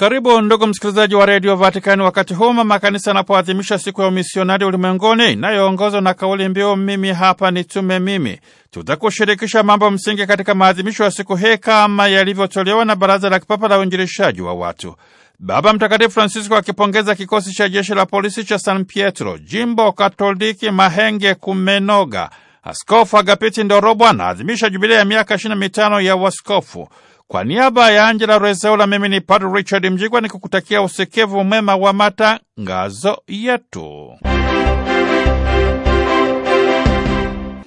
Karibu ndugu msikilizaji wa redio Vatikani, wakati huu mama kanisa anapoadhimisha siku ya umisionari ulimwenguni inayoongozwa na kauli mbiu mimi hapa nitume mimi. Tutakushirikisha mambo msingi katika maadhimisho ya siku hii kama yalivyotolewa na Baraza la Kipapa la Uinjilishaji wa Watu. Baba Mtakatifu Francisco akipongeza kikosi cha jeshi la polisi cha San Pietro, jimbo katoliki Mahenge Kumenoga. Askofu Agapiti Ndorobwa anaadhimisha jubilia ya miaka 25 ya waskofu. Kwa niaba ya Angela Rezaula, mimi ni Padre Richard Mjigwa nikukutakia usikivu mwema wa matangazo yetu.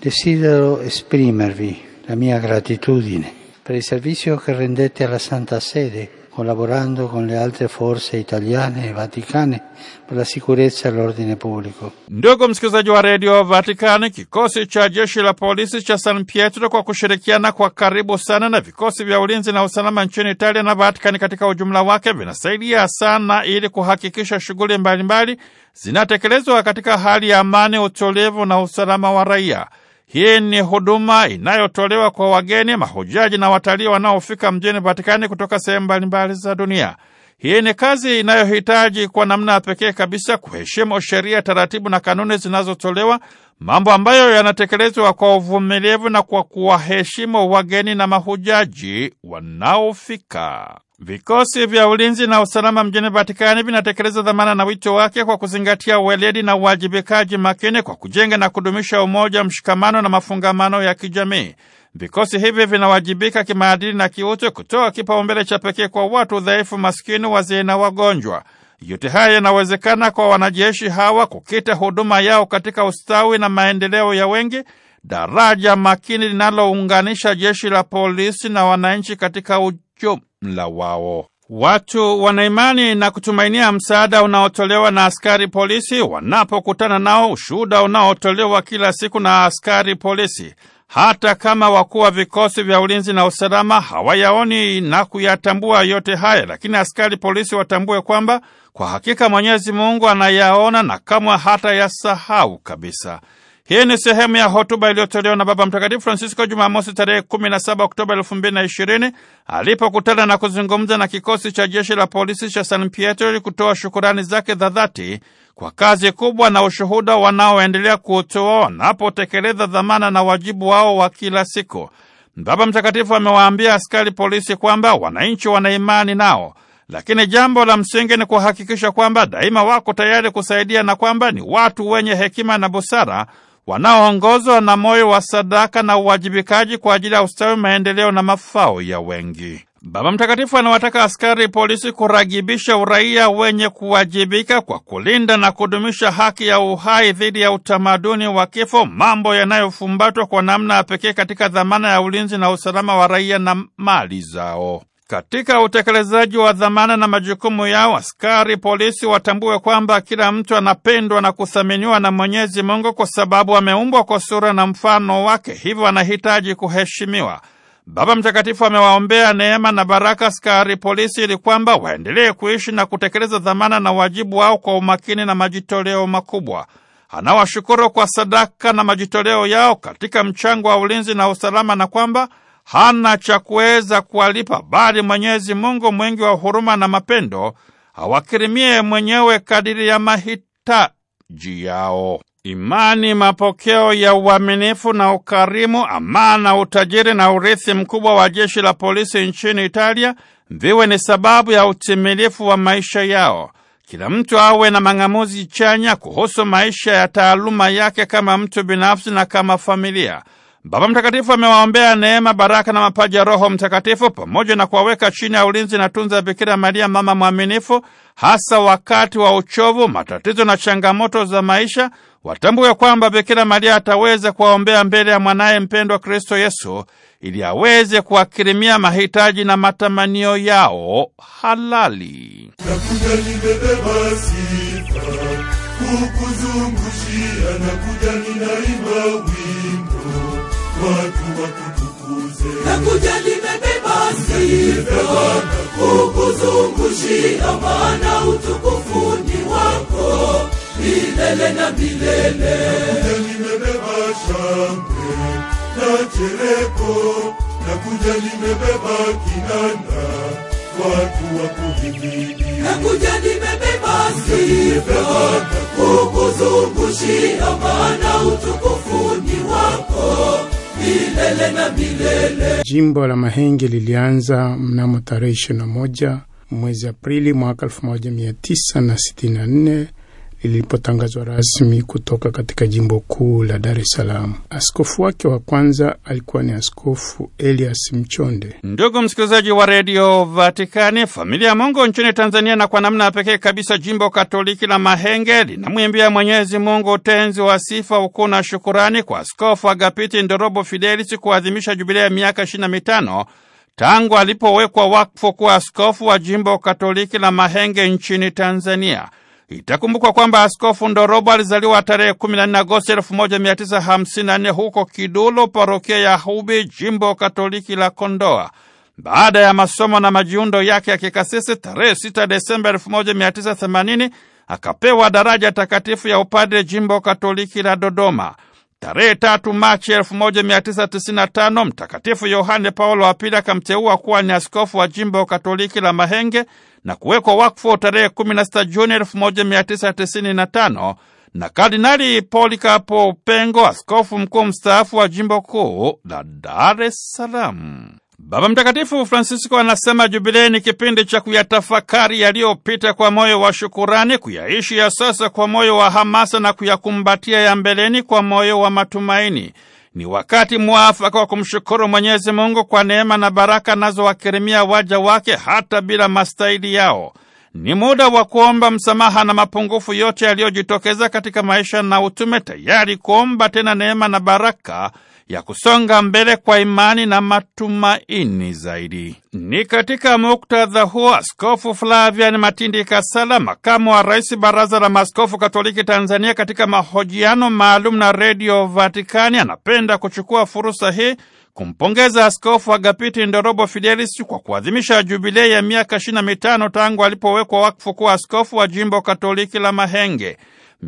Desidero esprimervi la mia gratitudine per il servizio che rendete alla Santa Sede collaborando con le altre forze italiane e vaticane per la sicurezza e l'ordine pubblico. Ndugu msikilizaji wa redio vaticani kikosi cha jeshi la polisi cha San Pietro kwa kushirikiana kwa karibu sana na vikosi vya ulinzi na usalama nchini Italia na Vatikani katika ujumla wake vinasaidia sana ili kuhakikisha shughuli mbalimbali zinatekelezwa katika hali ya amani, utulivu na usalama wa raia. Hii ni huduma inayotolewa kwa wageni, mahujaji na watalii wanaofika mjini Vatikani kutoka sehemu mbalimbali za dunia. Hii ni kazi inayohitaji kwa namna pekee kabisa kuheshimu sheria, taratibu na kanuni zinazotolewa, mambo ambayo yanatekelezwa kwa uvumilivu na kwa kuwaheshimu wageni na mahujaji wanaofika. Vikosi vya ulinzi na usalama mjini Vatikani vinatekeleza dhamana na wito wake kwa kuzingatia weledi na uwajibikaji makini kwa kujenga na kudumisha umoja, mshikamano na mafungamano ya kijamii. Vikosi hivi vinawajibika kimaadili na kiutu, kutoa kipaumbele cha pekee kwa watu dhaifu, maskini, wazee na wagonjwa. Yote haya yanawezekana kwa wanajeshi hawa kukita huduma yao katika ustawi na maendeleo ya wengi, daraja makini linalounganisha jeshi la polisi na wananchi katika u kuficho mla wao. Watu wanaimani na kutumainia msaada unaotolewa na askari polisi wanapokutana nao, ushuhuda unaotolewa kila siku na askari polisi hata kama wakuu wa vikosi vya ulinzi na usalama hawayaoni na kuyatambua yote haya, lakini askari polisi watambue kwamba kwa hakika Mwenyezi Mungu anayaona na kamwe hata yasahau kabisa. Hii ni sehemu ya hotuba iliyotolewa na Baba Mtakatifu Francisco Jumamosi tarehe 17 Oktoba 2020 alipokutana na kuzungumza na kikosi cha jeshi la polisi cha San Pietro ili kutoa shukurani zake za dhati kwa kazi kubwa na ushuhuda wanaoendelea kutoa wanapotekeleza dhamana na wajibu wao wa kila siku. Baba Mtakatifu amewaambia askari polisi kwamba wananchi wana imani nao, lakini jambo la msingi ni kuhakikisha kwamba daima wako tayari kusaidia na kwamba ni watu wenye hekima na busara wanaoongozwa na moyo wa sadaka na uwajibikaji kwa ajili ya ustawi, maendeleo na mafao ya wengi. Baba Mtakatifu anawataka askari polisi kuragibisha uraia wenye kuwajibika kwa kulinda na kudumisha haki ya uhai dhidi ya utamaduni wa kifo, mambo yanayofumbatwa kwa namna ya pekee katika dhamana ya ulinzi na usalama wa raia na mali zao. Katika utekelezaji wa dhamana na majukumu yao, askari polisi watambue kwamba kila mtu anapendwa na kuthaminiwa na Mwenyezi Mungu kwa sababu ameumbwa kwa sura na mfano wake, hivyo anahitaji kuheshimiwa. Baba Mtakatifu amewaombea neema na baraka askari polisi ili kwamba waendelee kuishi na kutekeleza dhamana na wajibu wao kwa umakini na majitoleo makubwa. Anawashukuru kwa sadaka na majitoleo yao katika mchango wa ulinzi na usalama na kwamba hana cha kuweza kuwalipa, bali Mwenyezi Mungu mwingi wa huruma na mapendo awakirimie mwenyewe kadiri ya mahitaji yao. Imani, mapokeo ya uaminifu na ukarimu, amana, utajiri na urithi mkubwa wa jeshi la polisi nchini Italia viwe ni sababu ya utimilifu wa maisha yao. Kila mtu awe na mang'amuzi chanya kuhusu maisha ya taaluma yake kama mtu binafsi na kama familia. Baba Mtakatifu amewaombea neema, baraka na mapaji ya Roho Mtakatifu pamoja na kuwaweka chini ya ulinzi na tunza ya Bikira Maria, mama mwaminifu, hasa wakati wa uchovu, matatizo na changamoto za maisha. Watambue kwamba Bikira Maria ataweza kuwaombea mbele ya mwanaye mpendwa Kristo Yesu, ili aweze kuwakirimia mahitaji na matamanio yao halali. Nakuja nimebeba sifa kukuzungushia, nakuja ninaimba watu watutukuze na kuja limebeba sifa kukuzungushia maana utukufu ni wako milele na milele nakuja limebeba shangwe na chereko nakuja limebeba kinanda watu wa nakuja limebeba sifa kukuzungushia maana utukufu ni wako milele na milele. Jimbo la Mahenge lilianza mnamo tarehe 21 mwezi Aprili mwaka 1964 ilipotangazwa rasmi kutoka katika jimbo kuu la Dar es Salaam. Askofu wake wa kwanza alikuwa ni Askofu Elias Mchonde. Ndugu msikilizaji wa redio Vatikani, familia ya Mungu nchini Tanzania na kwa namna ya pekee kabisa jimbo katoliki la Mahenge linamwimbia Mwenyezi Mungu utenzi wa sifa, ukuu na shukurani kwa Askofu Agapiti Ndorobo Fidelis kuadhimisha jubilea ya miaka 25 tangu alipowekwa wakfu kuwa askofu wa jimbo katoliki la Mahenge nchini Tanzania. Itakumbukwa kwamba Askofu Ndorobo alizaliwa tarehe 14 Agosti 1954 huko Kidulo, parokia ya Hubi, jimbo Katoliki la Kondoa. Baada ya masomo na majiundo yake ya kikasisi, tarehe 6 Desemba 1980 akapewa daraja takatifu ya upadre jimbo Katoliki la Dodoma. Tarehe tatu Machi 1995 Mtakatifu Yohane Paulo wa Pili akamteua kuwa ni askofu wa jimbo Katoliki la Mahenge na kuwekwa wakfu tarehe 16 Juni 1995 na Kardinali Polikapo Pengo, askofu mkuu mstaafu wa jimbo kuu la Dar es Salaam. Baba Mtakatifu Francisco anasema jubilei ni kipindi cha kuyatafakari yaliyopita kwa moyo wa shukurani, kuyaishi ya sasa kwa moyo wa hamasa na kuyakumbatia ya mbeleni kwa moyo wa matumaini. Ni wakati mwafaka wa kumshukuru Mwenyezi Mungu kwa neema na baraka anazowakirimia waja wake hata bila mastahili yao. Ni muda wa kuomba msamaha na mapungufu yote yaliyojitokeza katika maisha na utume, tayari kuomba tena neema na baraka ya kusonga mbele kwa imani na matumaini zaidi. Ni katika muktadha huo Askofu Flavian Matindi Kasala, makamu wa rais Baraza la Maaskofu Katoliki Tanzania, katika mahojiano maalum na Redio Vatikani, anapenda kuchukua fursa hii kumpongeza Askofu Agapiti Ndorobo Fidelis kwa kuadhimisha jubilei ya miaka 25 tangu alipowekwa wakfu kuwa askofu wa jimbo Katoliki la Mahenge.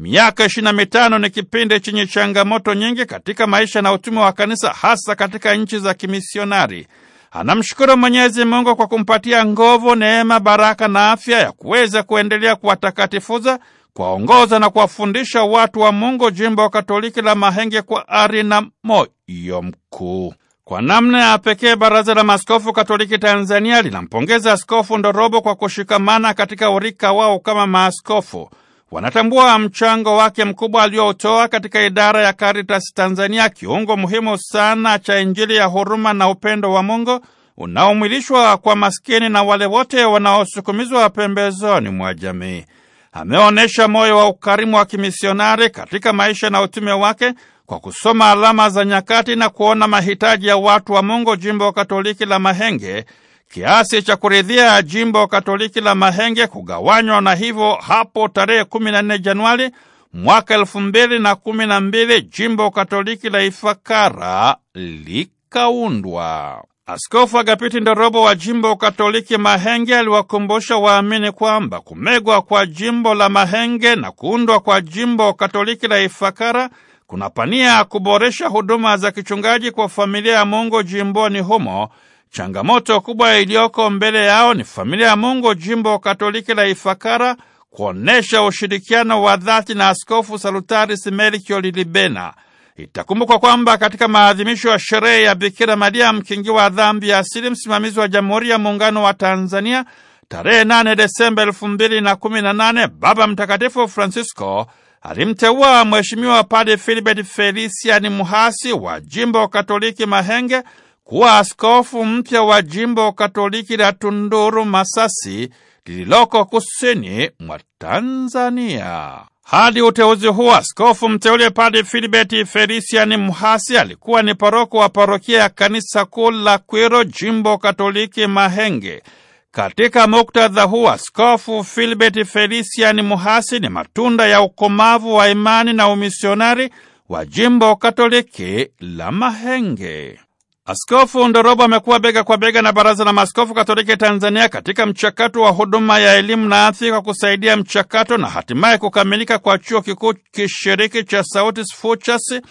Miaka ishirini na mitano ni kipindi chenye changamoto nyingi katika maisha na utume wa kanisa hasa katika nchi za kimisionari. Anamshukuru Mwenyezi Mungu kwa kumpatia nguvu, neema, baraka na afya ya kuweza kuendelea kuwatakatifuza, kuwaongoza na kuwafundisha watu wa Mungu jimbo wa Katoliki la Mahenge kwa ari na moyo mkuu. Kwa namna ya pekee Baraza la Maskofu Katoliki Tanzania linampongeza Askofu Ndorobo kwa kushikamana katika urika wao kama maaskofu wanatambua mchango wake mkubwa aliotoa katika idara ya Caritas Tanzania, kiungo muhimu sana cha Injili ya huruma na upendo wa Mungu unaomwilishwa kwa maskini na wale wote wanaosukumizwa pembezoni mwa jamii. Ameonyesha moyo wa ukarimu wa kimisionari katika maisha na utume wake kwa kusoma alama za nyakati na kuona mahitaji ya watu wa Mungu, jimbo Katoliki la Mahenge kiasi cha kuridhia jimbo Katoliki la Mahenge kugawanywa na hivyo hapo tarehe 14 Januari mwaka elfu mbili na kumi na mbili jimbo Katoliki la Ifakara likaundwa. Askofu Agapiti Ndorobo wa jimbo Katoliki Mahenge aliwakumbusha waamini kwamba kumegwa kwa jimbo la Mahenge na kuundwa kwa jimbo Katoliki la Ifakara kuna pania kuboresha huduma za kichungaji kwa familia ya Mungu jimboni humo Changamoto kubwa iliyoko mbele yao ni familia ya Mungu jimbo Katoliki la Ifakara kuonesha ushirikiano wa dhati na Askofu Salutari Simelikyo Lilibena. Itakumbukwa kwamba katika maadhimisho ya sherehe ya Bikira Maria wa dhambi ya asili, msimamizi wa Jamhuri ya Muungano wa Tanzania, tarehe 8 Desemba 218 Baba Mtakatifu Francisco alimteua Mheshimiwa Padre Filibert Felician Muhasi wa jimbo Katoliki Mahenge kuwa askofu mpya wa jimbo katoliki la Tunduru Masasi lililoko kusini mwa Tanzania. Hadi uteuzi huo, askofu mteule Padre Filibert Felician Mhasi alikuwa ni paroko wa parokia ya kanisa kuu la Kwiro, jimbo katoliki Mahenge. Katika muktadha huu, askofu Filibert Felician Mhasi ni matunda ya ukomavu wa imani na umisionari wa jimbo katoliki la Mahenge. Askofu Ndorobo amekuwa bega kwa bega na Baraza la Maaskofu Katoliki Tanzania katika mchakato wa huduma ya elimu na afya kwa kusaidia mchakato na hatimaye kukamilika kwa chuo kikuu kishiriki cha Sautis Futures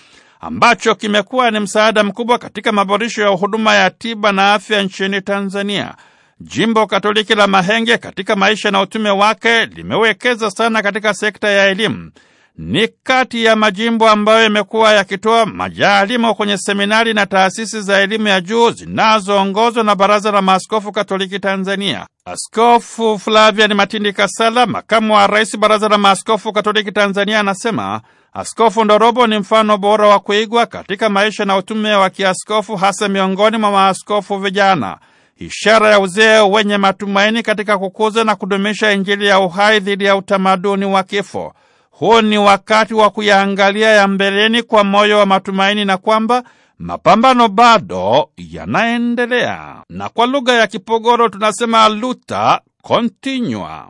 ambacho kimekuwa ni msaada mkubwa katika maboresho ya huduma ya tiba na afya nchini Tanzania. Jimbo Katoliki la Mahenge katika maisha na utume wake limewekeza sana katika sekta ya elimu ni kati ya majimbo ambayo yamekuwa yakitoa majaalimo kwenye seminari na taasisi za elimu ya juu zinazoongozwa na Baraza la Maaskofu Katoliki Tanzania. Askofu Flavian Matindi Kasala, makamu wa rais Baraza la Maaskofu Katoliki Tanzania, anasema Askofu Ndorobo ni mfano bora wa kuigwa katika maisha na utume wa kiaskofu, hasa miongoni mwa maaskofu vijana, ishara ya uzee wenye matumaini katika kukuza na kudumisha Injili ya uhai dhidi ya utamaduni wa kifo. Huu ni wakati wa kuyaangalia ya mbeleni kwa moyo wa matumaini na kwamba mapambano bado yanaendelea, na kwa lugha ya Kipogoro tunasema luta kontinua.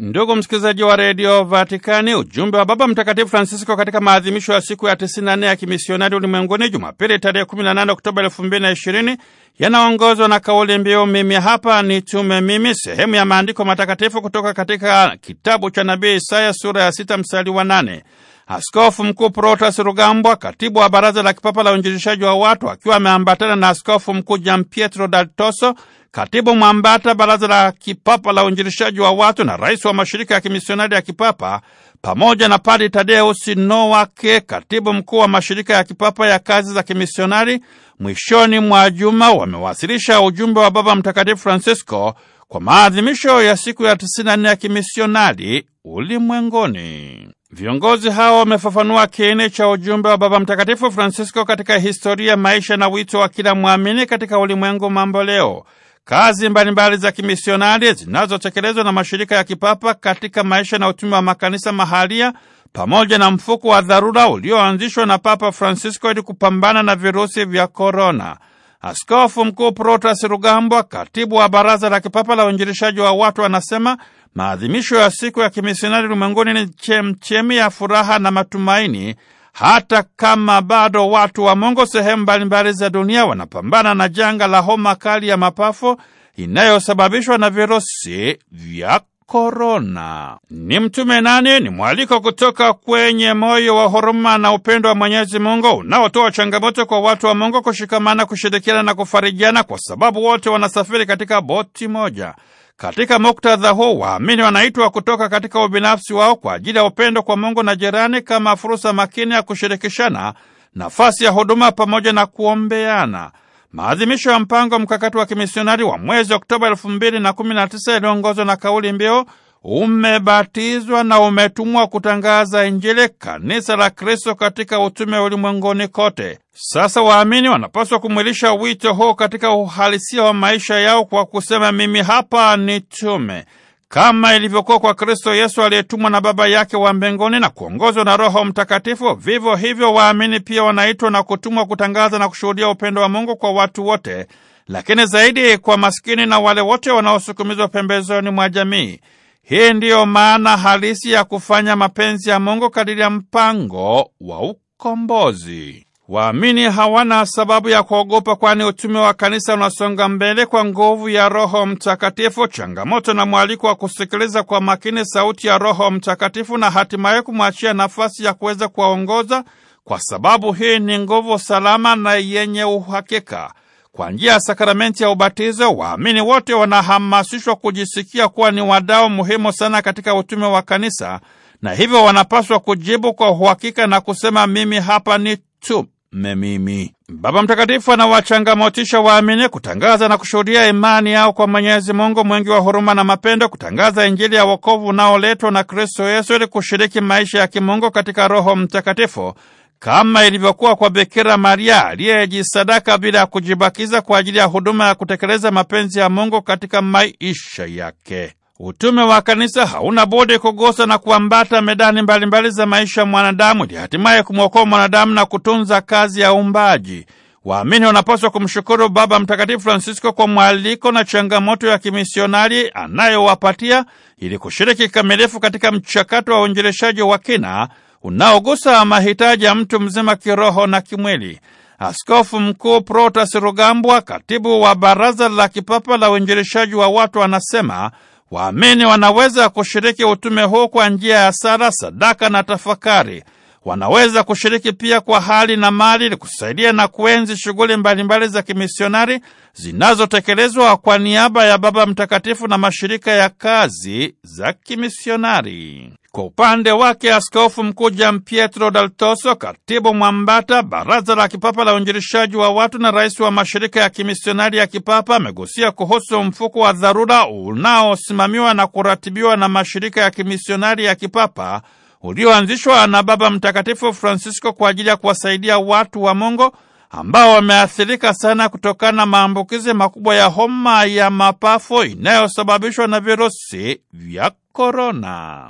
Ndugu msikilizaji wa redio Vatikani, ujumbe wa Baba Mtakatifu Francisco katika maadhimisho ya siku ya 94 ya kimisionari ulimwenguni, Jumapili tarehe 18 Oktoba 2020 yanaongozwa na kauli mbiu mimi hapa nitume mimi, sehemu ya maandiko matakatifu kutoka katika kitabu cha nabii Isaya sura ya 6 mstari wa 8. Askofu Mkuu Protas Rugambwa, katibu wa Baraza la Kipapa la Uinjilishaji wa Watu, akiwa ameambatana na Askofu Mkuu Gian Pietro daltoso katibu mwambata baraza la kipapa la uinjilishaji wa watu na rais wa mashirika ya kimisionari ya kipapa pamoja na Padre Tadeus Nowake, katibu mkuu wa mashirika ya kipapa ya kazi za kimisionari, mwishoni mwa juma wamewasilisha ujumbe wa Baba Mtakatifu Francisco kwa maadhimisho ya siku ya 94 ya kimisionari ulimwenguni. Viongozi hao wamefafanua kiini cha ujumbe wa Baba Mtakatifu Francisco katika historia, maisha na wito wa kila mwamini katika ulimwengu mambo leo kazi mbalimbali za kimisionari zinazotekelezwa na mashirika ya kipapa katika maisha na utume wa makanisa mahalia pamoja na mfuko wa dharura ulioanzishwa na Papa Francisco ili kupambana na virusi vya korona. Askofu Mkuu Protas Rugambwa, katibu wa Baraza la Kipapa la uinjirishaji wa Watu, anasema maadhimisho ya siku ya kimisionari ulimwenguni ni chemchemi ya furaha na matumaini hata kama bado watu wa Mungu sehemu mbalimbali za dunia wanapambana na janga la homa kali ya mapafu inayosababishwa na virusi vya korona. Ni mtume nani ni mwaliko kutoka kwenye moyo wa huruma na upendo wa Mwenyezi Mungu unaotoa changamoto kwa watu wa Mungu kushikamana, kushirikiana na kufarijiana, kwa sababu wote wanasafiri katika boti moja. Katika muktadha huu, waamini wanaitwa kutoka katika ubinafsi wao kwa ajili ya upendo kwa Mungu na jirani kama fursa makini ya kushirikishana nafasi ya huduma pamoja na kuombeana. Maadhimisho ya mpango mkakati wa kimisionari wa mwezi Oktoba 219 na yaliongozwa na kauli mbiu umebatizwa na umetumwa kutangaza Injili, kanisa la Kristo katika utume ulimwenguni kote. Sasa waamini wanapaswa kumwilisha wito huu katika uhalisia wa maisha yao kwa kusema, mimi hapa ni tume kama ilivyokuwa kwa Kristo Yesu aliyetumwa na Baba yake wa mbinguni na kuongozwa na Roho Mtakatifu. Vivyo hivyo, waamini pia wanaitwa na kutumwa kutangaza na kushuhudia upendo wa Mungu kwa watu wote, lakini zaidi kwa maskini na wale wote wanaosukumizwa pembezoni mwa jamii. Hii ndiyo maana halisi ya kufanya mapenzi ya Mungu kadiri ya mpango wa ukombozi. Waamini hawana sababu ya kuogopa, kwani utume wa kanisa unasonga mbele kwa nguvu ya Roho Mtakatifu. Changamoto na mwaliko wa kusikiliza kwa makini sauti ya Roho Mtakatifu na hatimaye kumwachia nafasi ya kuweza kuwaongoza, kwa sababu hii ni nguvu salama na yenye uhakika. Kwa njia ya sakramenti ya ubatizo, waamini wote wanahamasishwa kujisikia kuwa ni wadau muhimu sana katika utume wa kanisa, na hivyo wanapaswa kujibu kwa uhakika na kusema mimi hapa ni tume mimi. Baba Mtakatifu anawachangamotisha waamini kutangaza na kushuhudia imani yao kwa Mwenyezi Mungu mwingi wa huruma na mapendo, kutangaza Injili ya wokovu unaoletwa na Kristo Yesu ili kushiriki maisha ya kimungu katika Roho Mtakatifu kama ilivyokuwa kwa Bikira Maria aliyejisadaka bila kujibakiza kwa ajili ya huduma ya kutekeleza mapenzi ya Mungu katika maisha yake. Utume wa kanisa hauna budi kugusa na kuambata medani mbalimbali za maisha ya mwanadamu ili hatimaye kumwokoa mwanadamu na kutunza kazi ya uumbaji. Waamini wanapaswa kumshukuru Baba Mtakatifu Francisco kwa mwaliko na changamoto ya kimisionari anayowapatia ili kushiriki kikamilifu katika mchakato wa uinjilishaji wa kina unaogusa mahitaji ya mtu mzima kiroho na kimwili. Askofu Mkuu Protas Rugambwa, katibu wa Baraza la Kipapa la Uinjilishaji wa Watu, anasema waamini wanaweza kushiriki utume huu kwa njia ya sala, sadaka na tafakari wanaweza kushiriki pia kwa hali na mali kusaidia na kuenzi shughuli mbalimbali za kimisionari zinazotekelezwa kwa niaba ya Baba Mtakatifu na mashirika ya kazi za kimisionari. Kwa upande wake Askofu Mkuu Gian Pietro Dal Toso, katibu mwambata Baraza la Kipapa la Uinjilishaji wa Watu na rais wa mashirika ya kimisionari ya kipapa, amegusia kuhusu mfuko wa dharura unaosimamiwa na kuratibiwa na mashirika ya kimisionari ya kipapa ulioanzishwa na Baba Mtakatifu Francisco kwa ajili ya kuwasaidia watu wa Mongo ambao wameathirika sana kutokana na maambukizi makubwa ya homa ya mapafu inayosababishwa na virusi vya korona.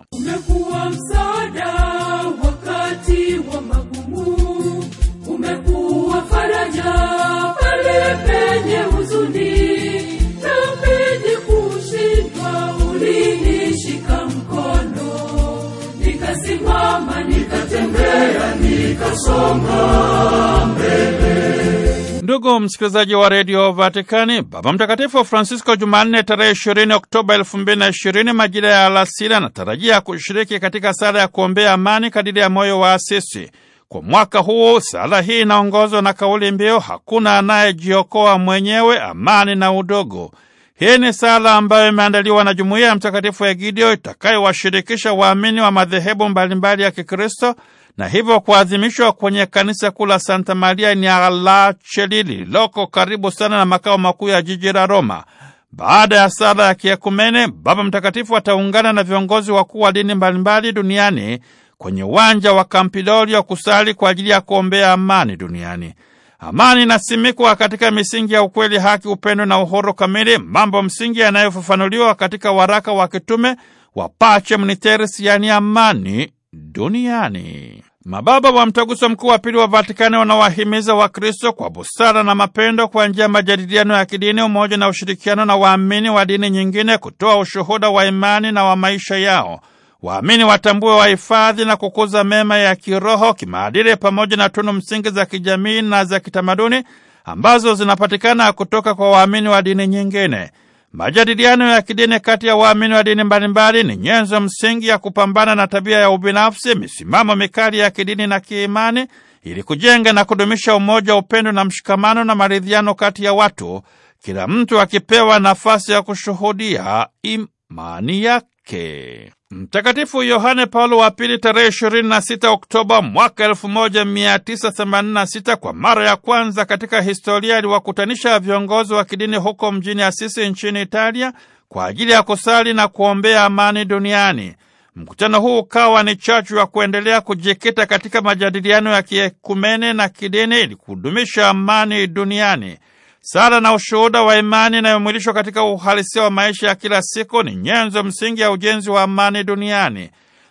nikasonga mbele. Ndugu msikilizaji wa redio Vatikani, Baba Mtakatifu Francisco Jumanne tarehe 20 Oktoba 2020 majira ya alasiri anatarajia kushiriki katika sala ya kuombea amani kadiri ya moyo wa Asisi. Kwa mwaka huu sala hii inaongozwa na kauli mbiu hakuna anayejiokoa mwenyewe, amani na udogo. Hii ni sala ambayo imeandaliwa na jumuiya ya Mtakatifu Egidio itakayowashirikisha waamini wa madhehebu mbalimbali ya Kikristo na hivyo kuadhimishwa kwenye kanisa kuu la Santa Maria ni Alaacheli lililoko karibu sana na makao makuu ya jiji la Roma. Baada ya sala ya kiekumene, Baba Mtakatifu ataungana na viongozi wakuu wa dini mbalimbali duniani kwenye uwanja wa Campidoglio kusali kwa ajili ya kuombea amani duniani. Amani inasimikwa katika misingi ya ukweli, haki, upendo na uhuru kamili, mambo msingi yanayofafanuliwa katika waraka wa kitume wa Pacem Terris, yaani amani duniani. Mababa wa Mtaguso Mkuu wa Pili wa Vatikani wanawahimiza Wakristo kwa busara na mapendo, kwa njia ya majadiliano ya kidini, umoja na ushirikiano na waamini wa dini nyingine, kutoa ushuhuda wa imani na wa maisha yao. Waamini watambue, wahifadhi na kukuza mema ya kiroho, kimaadili, pamoja na tunu msingi za kijamii na za kitamaduni ambazo zinapatikana kutoka kwa waamini wa dini nyingine. Majadiliano ya kidini kati ya waamini wa dini mbalimbali ni nyenzo msingi ya kupambana na tabia ya ubinafsi, misimamo mikali ya kidini na kiimani, ili kujenga na kudumisha umoja, upendo na mshikamano na maridhiano kati ya watu, kila mtu akipewa nafasi ya kushuhudia imani yake. Mtakatifu Yohane Paulo wa Pili tarehe 26 Oktoba mwaka 1986 kwa mara ya kwanza katika historia aliwakutanisha viongozi wa kidini huko mjini Asisi nchini Italia kwa ajili ya kusali na kuombea amani duniani. Mkutano huu ukawa ni chachu ya kuendelea kujikita katika majadiliano ya kiekumene na kidini ili kudumisha amani duniani. Sala na ushuhuda wa imani inayomwilishwa katika uhalisia wa maisha ya kila siku ni nyenzo msingi ya ujenzi wa amani duniani.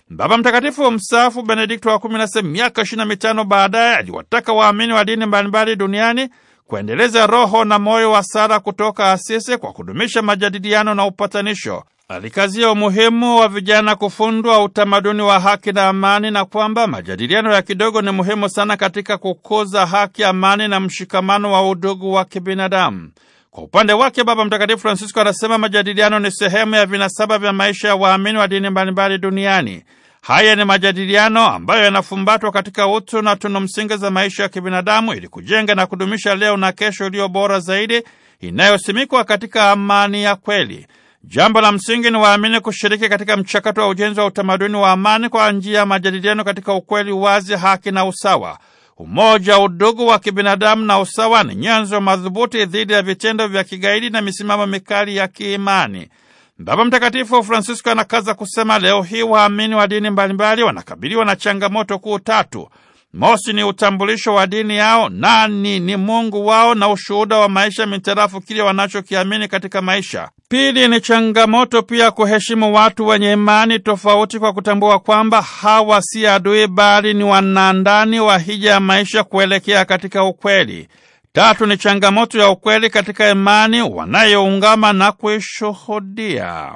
Baba Mtakatifu mstaafu Benedikto wa kumi na sita miaka ishirini na mitano baadaye aliwataka waamini wa dini mbalimbali duniani kuendeleza roho na moyo wa sala kutoka Asisi kwa kudumisha majadiliano na upatanisho alikazia umuhimu wa vijana kufundwa utamaduni wa haki na amani na kwamba majadiliano ya kidogo ni muhimu sana katika kukuza haki, amani na mshikamano wa udugu wa kibinadamu. Kwa upande wake Baba Mtakatifu Francisco anasema majadiliano ni sehemu ya vinasaba vya maisha ya waamini wa dini mbalimbali duniani. Haya ni majadiliano ambayo yanafumbatwa katika utu na tunu msingi za maisha ya kibinadamu ili kujenga na kudumisha leo na kesho iliyo bora zaidi inayosimikwa katika amani ya kweli. Jambo la msingi ni waamini kushiriki katika mchakato wa ujenzi wa utamaduni wa amani kwa njia ya majadiliano katika ukweli, wazi, haki na usawa. Umoja, udugu wa kibinadamu na usawa ni nyenzo madhubuti dhidi ya vitendo vya kigaidi na misimamo mikali ya kiimani. Baba Mtakatifu Francisco anakaza kusema, leo hii waamini wa dini mbalimbali wanakabiliwa na changamoto kuu tatu: Mosi ni utambulisho wa dini yao, nani ni Mungu wao na ushuhuda wa maisha mitarafu kile wanachokiamini katika maisha. Pili ni changamoto pia kuheshimu watu wenye imani tofauti kwa kutambua kwamba hawa si adui bali ni wanandani wa hija ya maisha kuelekea katika ukweli. Tatu ni changamoto ya ukweli katika imani wanayoungama na kuishuhudia.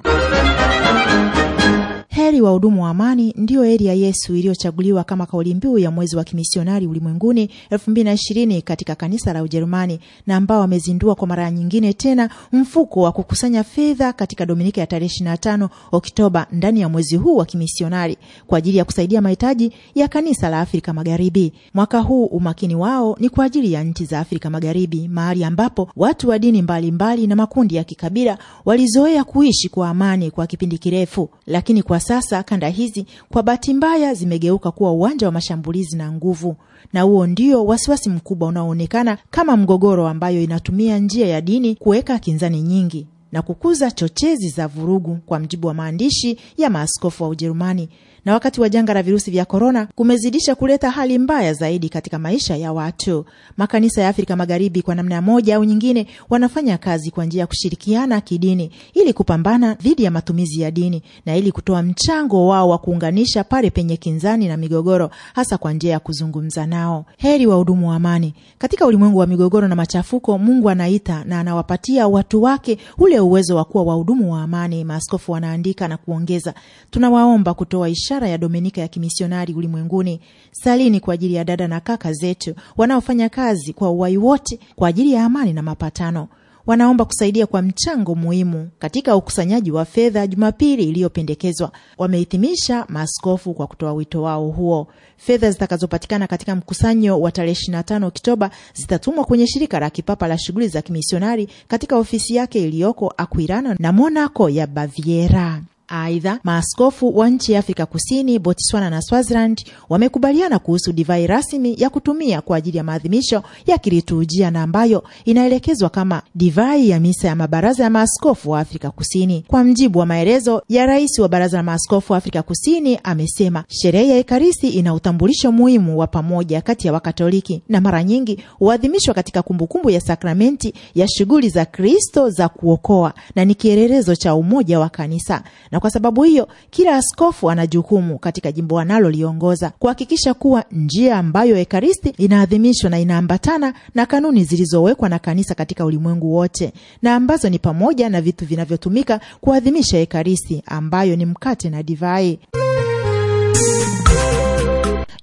Heri wa hudumu wa amani ndiyo heri ya Yesu iliyochaguliwa kama kauli mbiu ya mwezi wa kimisionari ulimwenguni 2020 katika kanisa la Ujerumani na ambao wamezindua kwa mara nyingine tena mfuko wa kukusanya fedha katika Dominika ya tarehe 25 Oktoba ndani ya mwezi huu wa kimisionari kwa ajili ya kusaidia mahitaji ya kanisa la Afrika Magharibi. Mwaka huu umakini wao ni kwa ajili ya nchi za Afrika Magharibi, mahali ambapo watu wa dini mbalimbali mbali na makundi ya kikabila walizoea kuishi kwa amani kwa kipindi kirefu, lakini kwa sasa kanda hizi kwa bahati mbaya zimegeuka kuwa uwanja wa mashambulizi na nguvu, na huo ndio wasiwasi mkubwa unaoonekana kama mgogoro, ambayo inatumia njia ya dini kuweka kinzani nyingi na kukuza chochezi za vurugu, kwa mjibu wa maandishi ya maaskofu wa Ujerumani na wakati wa janga la virusi vya korona kumezidisha kuleta hali mbaya zaidi katika maisha ya watu. Makanisa ya Afrika Magharibi kwa namna moja au nyingine wanafanya kazi kwa njia ya kushirikiana kidini ili kupambana dhidi ya matumizi ya dini na ili kutoa mchango wao wa kuunganisha pale penye kinzani na migogoro, hasa kwa njia ya kuzungumza nao. Heri wahudumu wa amani katika ulimwengu wa migogoro na machafuko. Mungu anaita na anawapatia watu wake ule uwezo wa kuwa wahudumu wa amani, maaskofu wanaandika na kuongeza, tunawaomba kutoa ishara biashara ya Dominika ya kimisionari ulimwenguni. Salini kwa ajili ya dada na kaka zetu wanaofanya kazi kwa uwai wote kwa ajili ya amani na mapatano. Wanaomba kusaidia kwa mchango muhimu katika ukusanyaji wa fedha Jumapili iliyopendekezwa. Wamehitimisha maaskofu kwa kutoa wito wao huo. Fedha zitakazopatikana katika mkusanyo wa tarehe 25 Oktoba zitatumwa kwenye shirika la kipapa la shughuli za kimisionari katika ofisi yake iliyoko Akwirano na Monaco ya Baviera. Aidha, maaskofu wa nchi ya Afrika Kusini, Botswana na Swaziland wamekubaliana kuhusu divai rasmi ya kutumia kwa ajili ya maadhimisho ya kiliturujia na ambayo inaelekezwa kama divai ya misa ya mabaraza ya maaskofu wa Afrika Kusini. Kwa mjibu wa maelezo ya rais wa baraza la maaskofu wa Afrika Kusini, amesema sherehe ya Ekaristi ina utambulisho muhimu wa pamoja kati ya Wakatoliki na mara nyingi huadhimishwa katika kumbukumbu ya sakramenti ya shughuli za Kristo za kuokoa na ni kielelezo cha umoja wa kanisa na kwa sababu hiyo, kila askofu ana jukumu katika jimbo analoliongoza kuhakikisha kuwa njia ambayo Ekaristi inaadhimishwa na inaambatana na kanuni zilizowekwa na kanisa katika ulimwengu wote, na ambazo ni pamoja na vitu vinavyotumika kuadhimisha Ekaristi ambayo ni mkate na divai.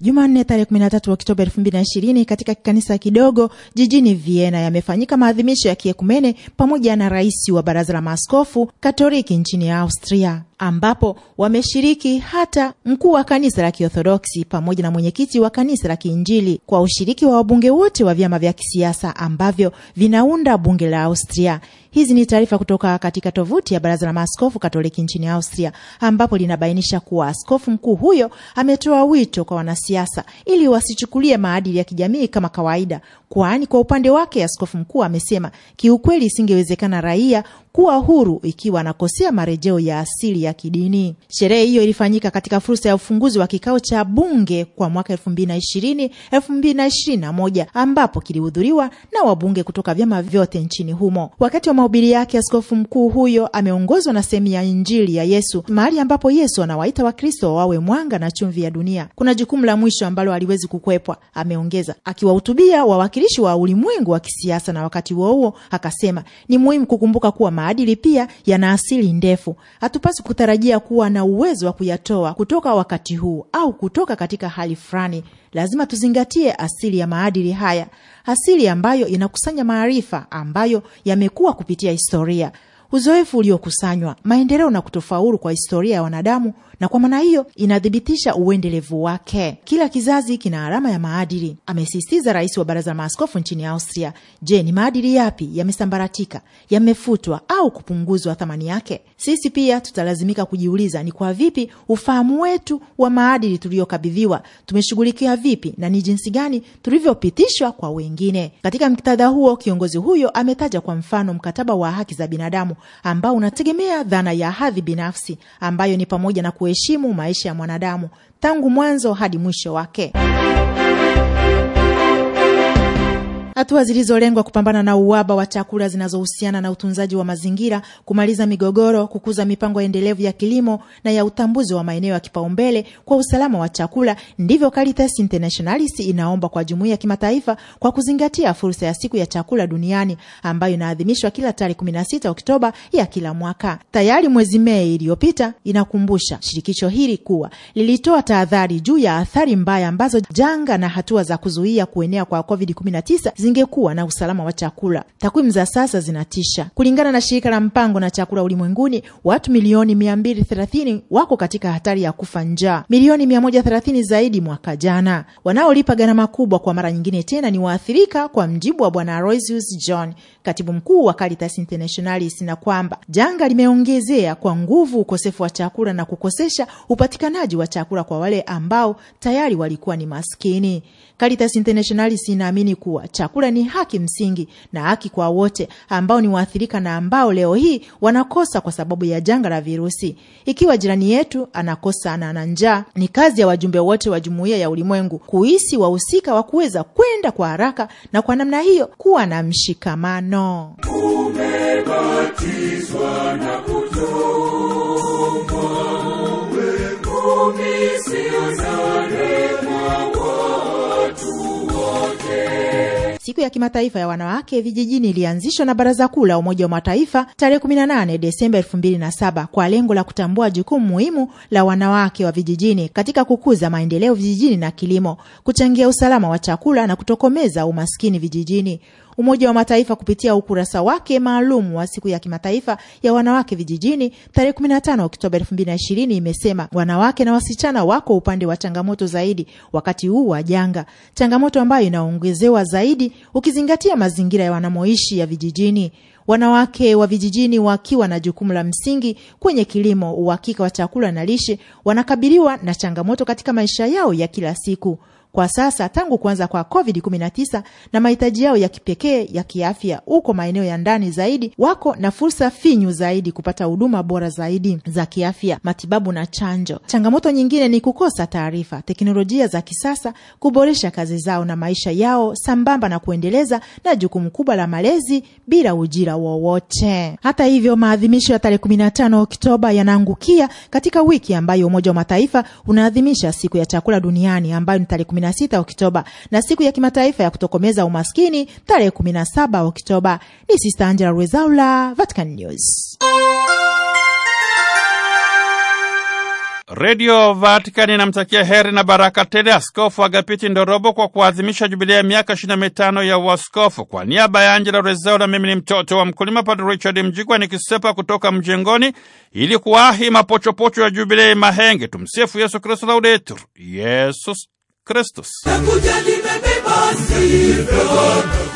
Jumanne tarehe 13 Oktoba 2020 katika kanisa kidogo jijini Vienna yamefanyika maadhimisho ya kiekumene pamoja na rais wa baraza la maaskofu Katoliki nchini Austria ambapo wameshiriki hata mkuu wa kanisa la Kiorthodoksi pamoja na mwenyekiti wa kanisa la Kiinjili kwa ushiriki wa wabunge wote wa vyama vya kisiasa ambavyo vinaunda bunge la Austria. Hizi ni taarifa kutoka katika tovuti ya Baraza la Maaskofu Katoliki nchini Austria, ambapo linabainisha kuwa askofu mkuu huyo ametoa wito kwa wanasiasa ili wasichukulie maadili ya kijamii kama kawaida, kwani kwa upande wake askofu mkuu amesema kiukweli isingewezekana raia kuwa huru ikiwa anakosea marejeo ya asili ya kidini. Sherehe hiyo ilifanyika katika fursa ya ufunguzi wa kikao cha bunge kwa mwaka 2020 2021 ambapo kilihudhuriwa na wabunge kutoka vyama vyote nchini humo. Wakati wa mahubiri yake, askofu mkuu huyo ameongozwa na sehemu ya Injili ya Yesu, mahali ambapo Yesu anawaita Wakristo wawe mwanga na chumvi ya dunia. Kuna jukumu la mwisho ambalo haliwezi kukwepwa, ameongeza akiwahutubia wawakilishi wa ulimwengu wa kisiasa, na wakati huo huo akasema ni muhimu kukumbuka kuwa maadili pia yana asili ndefu. Hatupaswi kutarajia kuwa na uwezo wa kuyatoa kutoka wakati huu au kutoka katika hali fulani. Lazima tuzingatie asili ya maadili haya, asili ambayo inakusanya maarifa ambayo yamekuwa kupitia historia, uzoefu uliokusanywa, maendeleo na kutofaulu kwa historia ya wanadamu na kwa maana hiyo inathibitisha uendelevu wake. Kila kizazi kina alama ya maadili, amesisitiza rais wa baraza la maaskofu nchini Austria. Je, ni maadili yapi yamesambaratika, yamefutwa au kupunguzwa thamani yake? Sisi pia tutalazimika kujiuliza ni kwa vipi ufahamu wetu wa maadili tuliyokabidhiwa tumeshughulikia vipi na ni jinsi gani tulivyopitishwa kwa wengine. Katika muktadha huo, kiongozi huyo ametaja kwa mfano mkataba wa haki za binadamu ambao unategemea dhana ya hadhi binafsi ambayo ni pamoja na ku kuheshimu maisha ya mwanadamu tangu mwanzo hadi mwisho wake hatua zilizolengwa kupambana na uhaba wa chakula zinazohusiana na utunzaji wa mazingira, kumaliza migogoro, kukuza mipango endelevu ya kilimo na ya utambuzi wa maeneo ya kipaumbele kwa usalama wa chakula. Ndivyo Caritas Internationalis inaomba kwa jumuiya ya kimataifa kwa kuzingatia fursa ya siku ya chakula duniani ambayo inaadhimishwa kila tarehe 16 Oktoba ya kila mwaka. Tayari mwezi Mei iliyopita, inakumbusha shirikisho hili kuwa lilitoa tahadhari juu ya athari mbaya ambazo janga na hatua za kuzuia kuenea kwa COVID-19 zingekuwa na usalama wa chakula. Takwimu za sasa zinatisha. Kulingana na shirika la mpango na chakula ulimwenguni, watu milioni 230 wako katika hatari ya kufa njaa, milioni 130 zaidi mwaka jana. Wanaolipa gharama kubwa kwa mara nyingine tena ni waathirika, kwa mjibu wa Bwana Aloysius John, katibu mkuu wa Caritas Internationalis, na kwamba janga limeongezea kwa nguvu ukosefu wa chakula na kukosesha upatikanaji wa chakula kwa wale ambao tayari walikuwa ni maskini. Caritas Internationalis inaamini kuwa chakula kula ni haki msingi na haki kwa wote ambao ni waathirika na ambao leo hii wanakosa kwa sababu ya janga la virusi. Ikiwa jirani yetu anakosa na ana njaa, ni kazi ya wajumbe wote wa jumuiya ya ulimwengu kuhisi wahusika wa kuweza kwenda kwa haraka na kwa namna hiyo kuwa na mshikamano. Tumebatizwa na kutoa Siku ya kimataifa ya wanawake vijijini ilianzishwa na Baraza Kuu la Umoja wa Mataifa tarehe 18 Desemba 2007 kwa lengo la kutambua jukumu muhimu la wanawake wa vijijini katika kukuza maendeleo vijijini na kilimo, kuchangia usalama wa chakula na kutokomeza umaskini vijijini. Umoja wa Mataifa kupitia ukurasa wake maalum wa siku ya kimataifa ya wanawake vijijini tarehe 15 Oktoba 2020 imesema wanawake na wasichana wako upande wa changamoto zaidi wakati huu wa janga, changamoto ambayo inaongezewa zaidi ukizingatia mazingira ya wanamoishi ya vijijini wanawake wa vijijini wakiwa na jukumu la msingi kwenye kilimo, uhakika wa chakula na lishe, wanakabiliwa na changamoto katika maisha yao ya kila siku kwa sasa tangu kuanza kwa COVID-19 na mahitaji yao ya kipekee ya kiafya huko maeneo ya ndani zaidi, wako na fursa finyu zaidi kupata huduma bora zaidi za kiafya, matibabu na chanjo. Changamoto nyingine ni kukosa taarifa, teknolojia za kisasa kuboresha kazi zao na maisha yao, sambamba na kuendeleza na jukumu kubwa la malezi bila ujira wowote. Hata hivyo, maadhimisho ya tarehe 15 Oktoba yanaangukia katika wiki ambayo Umoja wa Mataifa unaadhimisha siku ya chakula duniani ambayo ni tarehe 16 Oktoba na siku ya kimataifa ya kutokomeza umaskini tarehe 17 Oktoba. Ni Sister Angela Rwezaula, Vatican News. Redio Vatikani inamtakia heri na baraka tele Askofu Agapiti Ndorobo kwa kuadhimisha jubilia ya miaka 25 ya uaskofu. Kwa niaba ya Angela Rezaula, mimi ni mtoto wa mkulima Padre Richard Mjigwa nikisepa kutoka mjengoni ili kuwahi mapochopocho ya jubilei Mahenge. Tumsifu Yesu Kristu, Laudetur Yesus Kristus. Nakuja nimebeba sifa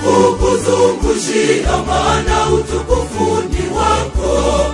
kukuzungushia, maana utukufu ni wako